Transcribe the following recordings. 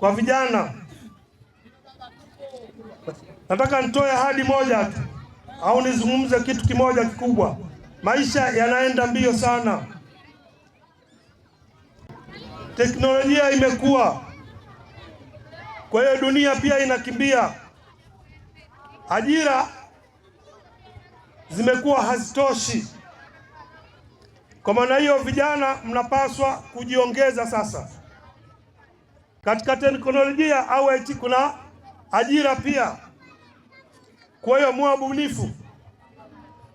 kwa vijana, nataka nitoe ahadi moja tu au nizungumze kitu kimoja kikubwa. Maisha yanaenda mbio sana, teknolojia imekuwa, kwa hiyo dunia pia inakimbia. Ajira zimekuwa hazitoshi. Kwa maana hiyo, vijana mnapaswa kujiongeza sasa katika teknolojia au IT kuna ajira pia. Kwa hiyo muwe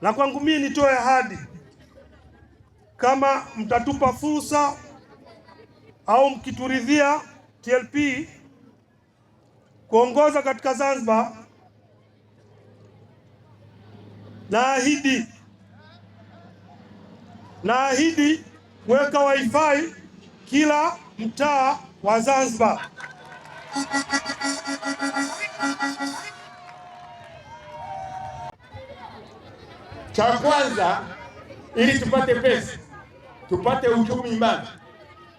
na kwangu mimi nitoe ahadi, kama mtatupa fursa au mkituridhia TLP kuongoza katika Zanzibar, naahidi naahidi kuweka wifi kila mtaa wa Zanzibar. Cha kwanza ili tupate pesa, tupate uchumi imara,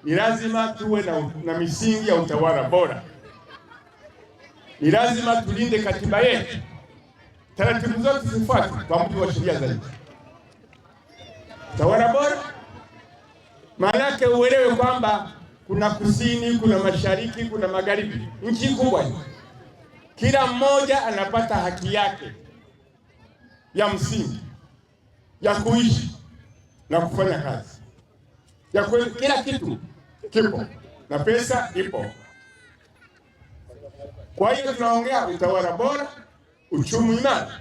ni lazima tuwe na, na misingi ya utawala bora. Ni lazima tulinde katiba yetu, taratibu zote zifuatwe kwa mujibu wa sheria za nchi. Utawala bora maana yake uelewe kwamba kuna kusini, kuna mashariki, kuna magharibi. Nchi kubwa, kila mmoja anapata haki yake ya msingi ya kuishi na kufanya kazi ya kweli. Kila kitu kipo na pesa ipo. Kwa hiyo tunaongea utawala bora, uchumi imara.